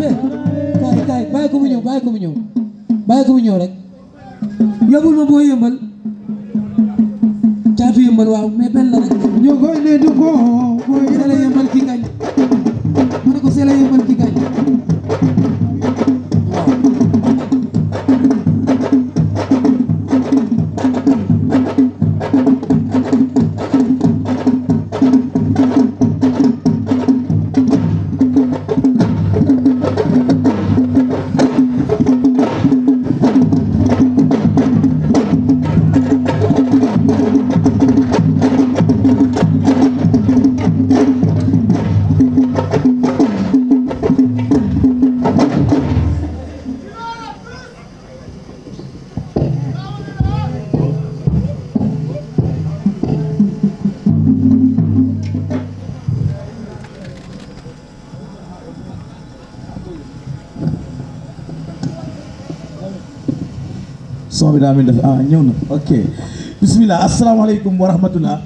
be kaay kaay bàyyi ko mu ñëw bàyyi ko mu ñëw bàyyi ko mu ñëw rek yóbbul ma boo yëmbal caatu yëmbal waaw mais benn la rek ñoo koy ne du ko boo seela yëmbal ki gañ ma ne ko seela yëmbal ki gañ son bi daa mel def ah ñëw na ok bisimilah asalaamaaleykum wa rahmatullah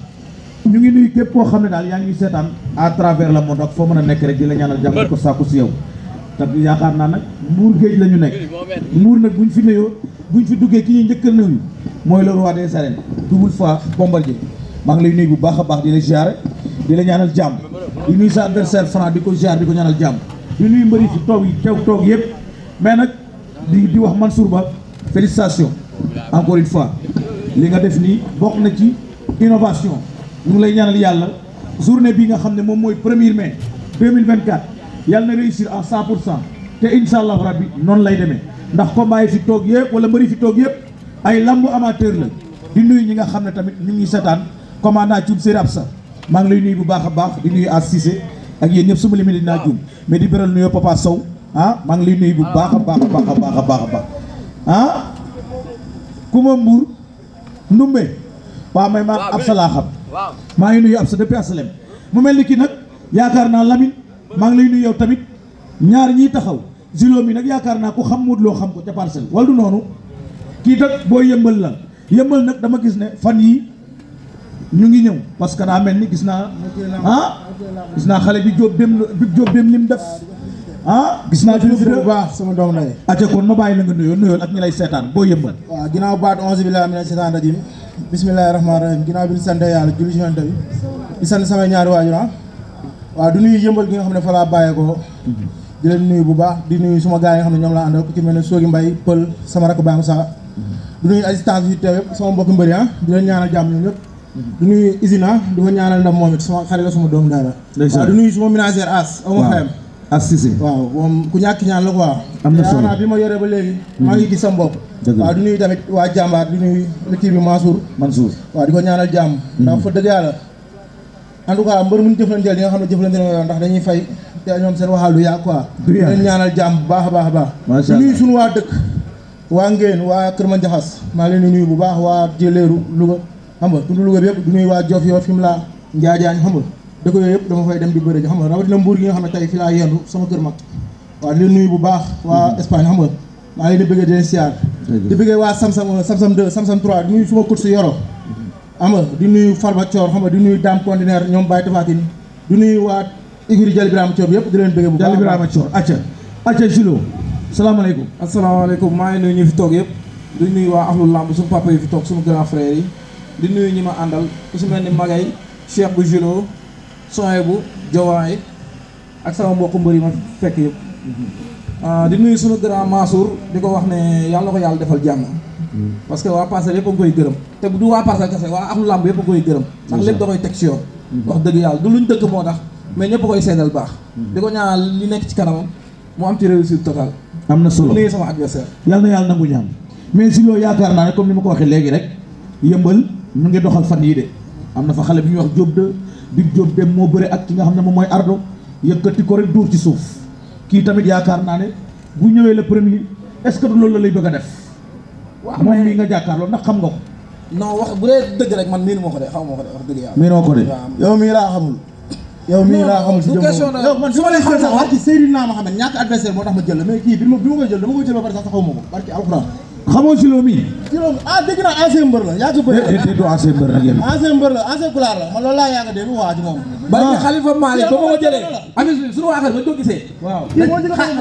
ñu ngi nuyu képp koo xam ne daal yaa ngi seetaan à travers le monde ak foo mën a nekk rek di la ñaanal jàmm ko si yow te naa nag mbuur géej la ñu nekk mbuur nag buñ fi nuyoo buñ fi duggee ki ñuy njëkkal nuyu mooy le roi des arènes double fois bombardier maa ngi lay nuyu bu baax a baax di la ziare di la ñaanal jàmm di nuyu sa adversaire franc di ko ziare di ko ñaanal jàmm di nuyu mbëri fi toog yi teew toog yëpp mais nag di di wax Mansour Ba félicitation encore une fois li nga def nii bokk na ci innovation mu ngi lay ñaanal yàlla journée bi nga xam ne moom mooy premier mai 2024 yàlla na réussir à cent pour cent te incha allahu rabbi noonu lay demee ndax combat yi fi toog yëpp wala mbëri fi toog yëpp ay lambu amateur la di nuyu ñi nga xam ne tamit ñu ngi seetaan commandant Thioub Seri Absa maa ngi lay nuyu bu baax a baax di nuyu As ak yéen ñëpp su ma limee naa juum mais di beral nuyoo Papa Sow ah maa ngi lay nuyu bu baax a baax a baax a baax a baax ah. kuma mbuur ndumbe waaw may maa ab sa laa xam maa ngi nuyu ab sa depuis asalem mu mel ni kii nag yaakaar naa Lamine maa ngi lay nuyu yow tamit ñaar ñi taxaw zilo mi nag yaakaar naa ku xam Modou Lo xam ko ca parcelle wala du noonu kii nag boo yëmbal la yëmbal nag dama gis ne fan yi ñu ngi ñëw parce que daa mel ni gis naa ah gis naa xale bi Jóob dem lim def ah gis naa ci bu baax sama doom lay ate kon ma bàyyi la nga nuyoo nuyool ak ñi lay seetaan boo yëmbal waaw ginnaaw baat onze billahi mina seetaan rajim bismillahi rahmaani rahim ginnaaw ah. waaw du nuyu yëmbal gi nga xam ne fa laa bàyyeekoo di leen nuyu bu baax di nuyu suma gars yi nga xam ñoom laa ku ci mel ne Soogi Mbay Pël sama rakk Baam Sa du nuyu assistance yi teew yëpp sama mbokk mbëri ah di leen ñaanal jàmm ñoom ñëpp moom it sama suma doom daara waaw du nuyu as ama as Cissé waaw moom ku ñàkk ñaan la quoi. am na solo bi ma yore ba léegi. Mm. maa ngi gis sa bopp. waaw du nuyu tamit waa jàmbaar du nuyu kii bi Mansour. Mansour waaw di ko ñaanal jàmm. Mm. ndax fa dëgg yàlla. en tout cas mbër mu ñu jëflanteel li xam ne jëflanteel na ndax dañuy fay te ñoom seen waxaal du yàgg quoi. du yàgg ñaanal jàmm bu baax a baax a baax. macha allah nuyu suñu waa dëkk. waa Ngeen waa Kër ma Mandiakhas maa leen di nuyu bu baax waa Jëleeru Louga xam nga tudd Louga bi yëpp du nuyu waa Diof yoo fi mu laa Njaajaañ xam nga dëkk yooyu yëpp dama fay dem di bëri ji xam nga rawatina mbuur fi laa yendu sama mm-hmm. maa ngi leen di bëggee di leen siyaar di bëggee waa Samsam Samsam 2 Samsam di nuyu suma course yoro mm-hmm. xam nga di nuyu Farba Thior xam nga di nuyu Dame Contenaire ñoom Baye Tafatine di nuyu waa Igri Jali Birama Thior yëpp di leen bëggee bu baax Jali Birama Thior acca acca salaamaaleykum maa ngi nuyu ñu fi toog yëpp di nuyu waa axlu lamb suñu papa yi fi toog suñu grand frère yi di nuyu ñi ma àndal ku si mel ni Magay Cheikh bu Julo soin bu jowaay ak sama mbokk mbër yi ma fekk yëpp ah, di nuyu sunu grand Mansour di ko wax ne yàlla ko yàlla defal jàmm parce que waa parcelle yëpp a ngi koy gërëm te du waa parcelle kese waa axlu làmb yëpp koy gërëm ndax lépp da koy teg ci yoon dëgg yàlla du luñ dëgg moo tax mais ñëpp koy seedal baax di ko ñaanal li nekk ci kanamam mu am ci réussir totale am na solo nuyu sama adversaire yàlla na yàlla nangu ñaam mais si loolu yaakaar naa ne comme ni ma ko waxee léegi rek yëmbal ñu ngi doxal fan yi de am na fa xale bi ñuy wax Diop de bi Diop dem moo bëre ak ki nga xam ne moom mooy Ardo yëkkati ko rek dóor ci suuf kii tamit yaakaar naa ne bu ñëwee le premier est-ce que loolu la lay bëgg a def. waaw moom mii nga jàkkaarloo ndax xam nga ko. non wax bu dee dëgg rek man miinu ma ko de xaw ma ko de wax dëgg xamul. yow mii xamul si jëmm yow ma xam sax ñàkk adversaire moo tax ma jël la mais kii bi ma bi ma koy jël dama koy jël ba pare sax xaw ma ko alxuraan xamoo si loo mii. juróom ah dégg naa ancien mbër la yaa ngi eh, eh, mbër rek yéen. ancien kulaar la man loolu laa yàgg a dégg waa ji moom. Ah. ba ma ko jëlee. ami suñu waa xel bañ gisee. waaw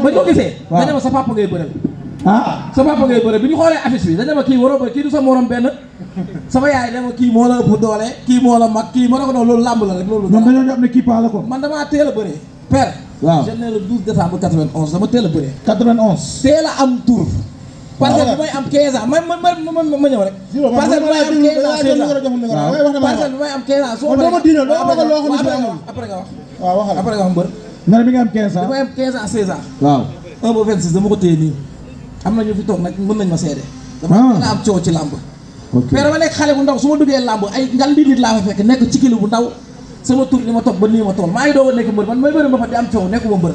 bañ gisee. ma sa ah. sama yaay dama kii moo la doole kii moo la mag kii moo la ko doon loolu la rek loolu. ñoom kii paa ko. man damaa teel bëree père. waaw je ne le 12 décembre 91 dama teel a bëree. 91 teel a am tour parcelle bi may am 15 ma ma ma ma ñëw rek. parcelle am 15 ans seen la parcelle bi may am 15 ans. soo paree ko téye nii. am na ñu fi toog nag mën nañ ma ah. am coow ci làmb. ok nekk xale bu ndaw su ma duggee làmb ay ngal di nit laa fekk nekk ci kili bu ndaw sama tur li ma toog ba nii ma tool maa ngi doog a nekk mbër man bëri ma fa di am coow nekkuma mbër.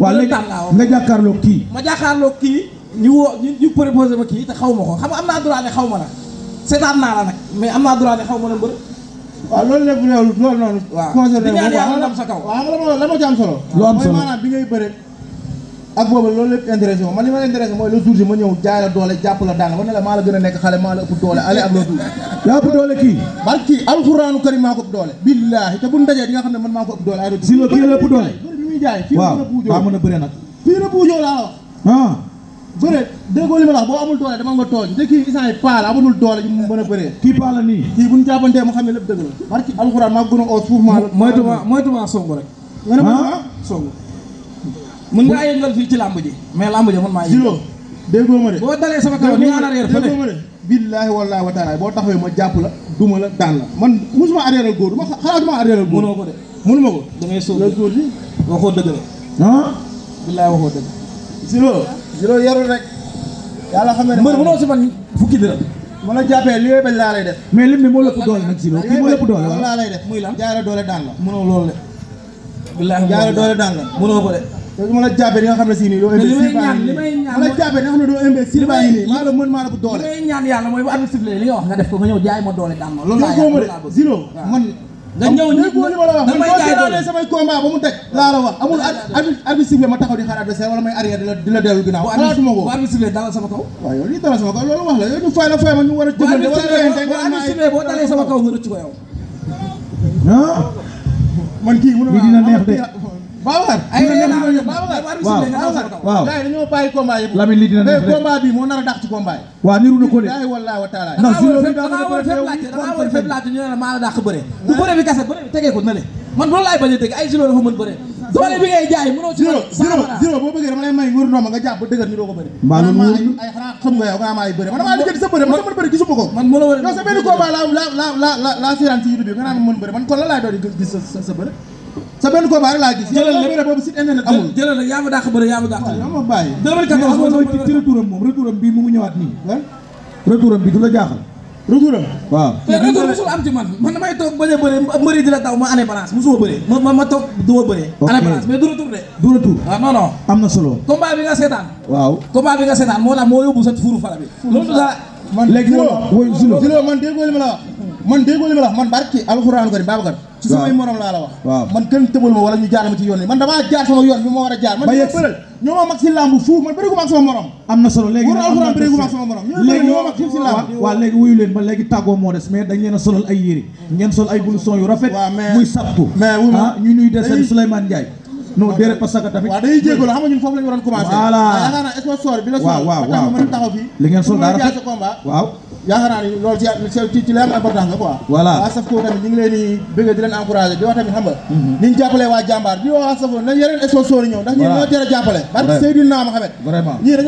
waaw léegi nga jàkkaarloo kii ma jàkkaarloo kii ñu woo ñu ñu proposé ma kii te xaw ma ko xam am naa droit ne xaw ma la seetaan nag mais am naa droit ma la mbër. waaw loolu lépp bëre a nekk xale maa a bëree nag. fii la buujoo laa wax. bëre déggoo li ma wax boo amul doole dama nga tooñ te kii isaan yi paa la amul doole ñu mën a bëree kii paa la nii kii bu ñu jàppantee mu xam ne lépp dëgg la barki alxuraan maa gën a oo suuf maa la moytuma moytuma song rek nga ne ma song mën ngaa yëngal fii ci làmb ji mais làmb ji man maa yëngal déggoo ma de boo dalee sama kaw ñu naan arrière fële ma de billaahi wallaahi wa taala boo taxawee ma jàpp la duma la daan la man musuma arrièreal góor duma xalaatuma arrièreal góor mënoo ko de mënuma ko da ngay sóor la sóor ji waxoo dëgg la ah billaahi waxoo dëgg si loolu juróom yarul rek yàlla xam ne mbër mënoo si man fukki dërëm ma la jàppee li ngay bañ laa lay def mais lim moo lëpp doole nag si loolu kii moo lëpp doole wala laa lay def muy lan jaay la de billaahi la doole daan la mënoo ko de ma la ma la xam ne doo imbécile baa ngi nii maa la mën maa la li ngay mooy bu arbitre nga def ko nga ñëw jaay ma doole daan ma loolu nga ñëw ñu damay jaay doole samay combat ba mu teg laa la wax amul arbitre sifflé ma taxaw di xaar adversaire wala may arrière di la di la dellu ginnaaw xalaatuma ko arbitre sifflé dalal sama kaw waaw yow lii sama kaw loolu wax la yow fay la fay ma ñu war a jëfandikoo wala arbitre sifflé sama kaw nga rëcc ko yow ah. man kii mun na dina neex de Babacar. ay waaw dañoo bàyyi combat yëpp. Lamine lii dina mais combat bi moo nar a dàq ci combat yi. waaw niru na ko de. daay wallaahi wa taala. ndax si loolu daa war a fépp laajte ñu ne la maa la dàq bëre. bu bëre bi kese bëre bi tegee ko na le man loolu laay bañ a dégg ay Ziro dafa mën bëre. doole bi ngay jaay mënoo ci. Ziro Ziro boo bëggee dama lay may nguur ndomba nga jàpp ba dëgër ñu doo ko bëri. mbaa loolu wóor na ay xanaa xam nga yow nga am ay bëre man damaa liggéey sa bëre man sama bëre gisuma ko. man moo la war a yow sa benn combat laa laa laa laa laa seeraan ci YouTube bi nga naan mën bëre man kon la laay doon di gis sa sa bëre sa benn combat rek laa gis. jëlal lépp jëlal boobu site internet amul. jëlal rek yaa ma dàq bëre yaa ma dàq. waaw yaa ma bàyyi. 2014 moom mooy ci retouram moom retouram bii mu ngi ñëwaat nii. retouram bi du la jaaxal. retouram. waaw. mais retour musul am ci man man damay toog bëree bëree mbëri di la taw ma année balance musuma bëree. ma ma ma toog du ma bëree. année balance mais du retour de. du retour waaw ah, non non. am na solo. combat bi nga seetaan. waaw combat bi nga seetaan moo tax moo yóbbu sa fuuru fara bi. loolu daal man léegi. Zilo Zilo man déggoo li ma la wax man déggoo li ma la wax man barki alxuraan ko ni Babacar ci samay waaw man kenn tëbal ma wala ñu jaar ci yoon bi man damaa jaar sama yoon bi ma war a jaar man ñoo solo a ay yére ngeen sol ay blouson yu rafet muy sappo mais waaw waaw waaw a li ngeen sol daa rafet waaw yaakaar naa ni loolu ci ci la am importance la quoi voilà waa Safco tamit ñu ngi leen di bëgg di leen tamit xam nga mhm. ni ñu jàppale waa jàmbaar di wax waa Safco nañ yeneen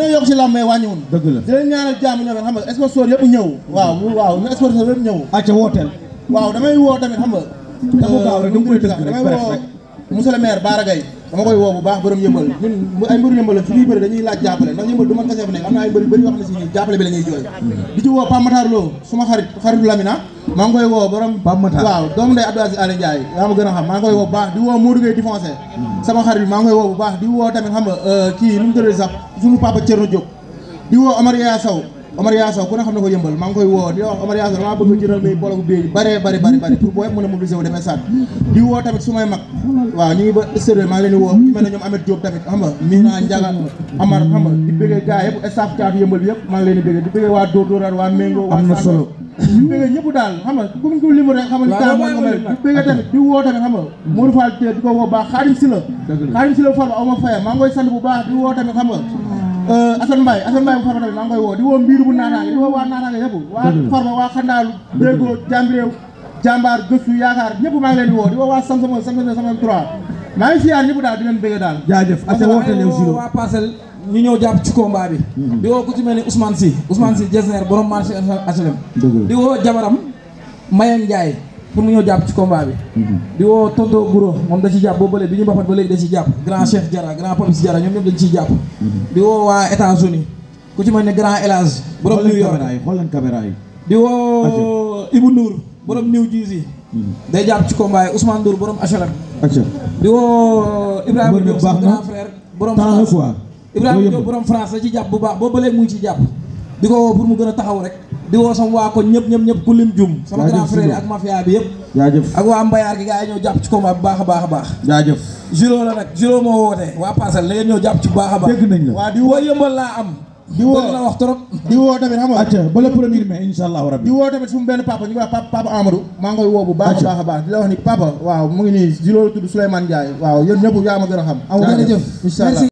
a yokk si làmb mais wàññiwul dëgg la di leen ñaanal xam nga sponsor yëpp ñëw waaw waaw na sponsor yëpp ñëw acca wooteel waaw damay woo tamit xam nga dafa gaaw rek damay woo monsieur le maire Bara Gaye dama koy woo bu baax borom yëmbal ñun ay mbëru yëmbal la fi dañuy laaj jàppale ndax yëmbal du man kese nekk am na ay mbëri bëri yoo xam bi la ñuy di ci woo Pape suma xarit xaritu Lamina maa koy woo borom Pape Matar waaw doomu ndey Abdou Aziz Aly yaa ma gën a xam maa ngi koy woo bu baax di woo Modou Gueye di sama xarit bi koy woo bu baax di woo tamit xam nga euh, kii nu mu tëddee sax suñu papa Thierno Diop di woo Omar Omar Yaason ku ne xam ne ko yëmbal maa koy woo di Omar Yaason maa bëgg jëral may bologu bi bëree bëri bëri bëri pour boo yëpp mën a yëpp staff leen bëggee di bëggee waa Dóor Dóoraat waa Mengo waa am na bëggee tamit di woo tamit xam nga Mourou Fall di ko woo baax Xaadim Sila Xaadim Sila Fall aw ma faya maa koy sant bu baax di woo tamit xam nga Euh, Assane Mbaye Assane Mbaye bu Farba tamit maa ngi koy woo di woo mbiir bu naataange di woo waa naataange yëpp waa Farba waa Xandaalu Bégo Jambiréew Jambaar Gëstu Yaakaar ñëpp maa ngi leen di woo di woo waa Samsam Samsam Samsam 3 maa ngi siyaar ñëpp daal di leen bëgg daal jaajëf Assane woote leen si waa parcelle ñu ñëw jàpp ci combat bi mm-hmm. di woo ku ci mel ni Ousmane Sy Ousmane Sy Jesner borom marché HLM di woo jabaram Mayang pour mu ñëw jàpp ci combat bi mhm. di woo tonto Guro moom da ci jàpp boo bële bi ñu mbapat ba léegi da ci jàpp grand Cheikh Jara grand mhm. woo waa États-Unis ku ci mel ne grand Elage borom New York xool leen di woo Ibou Ndour borom New Jersey mhm. day jàpp ci combat yi borom HLM di woo Ibrahima Diop sama grand frère borom France Ibrahima borom France ci jàpp bu baax boo bële mu ngi ci jàpp di ko pour mu gën a taxaw rek di woo sama waa ko ñëpp ñëpp ñëpp ku lim jum sama grand frère ak mafia bi yëpp jaajëf ak waa mbayaar gi gars ñoo jàpp ci combat bu baax a baax a baax jaajëf juróom la nag juróom moo woote waa paasal la ñoo jàpp ci baax a baax dégg nañ la waa di woo yëmbal laa am di woo la tamit xam acca ba premier mai insha allahu rabbi di woo tamit sumu benn papa ñu koy wax papa Amadou maa ngi woo bu baax a baax a baax di la wax ni papa waaw mu ngi nii juróom tudd Souleymane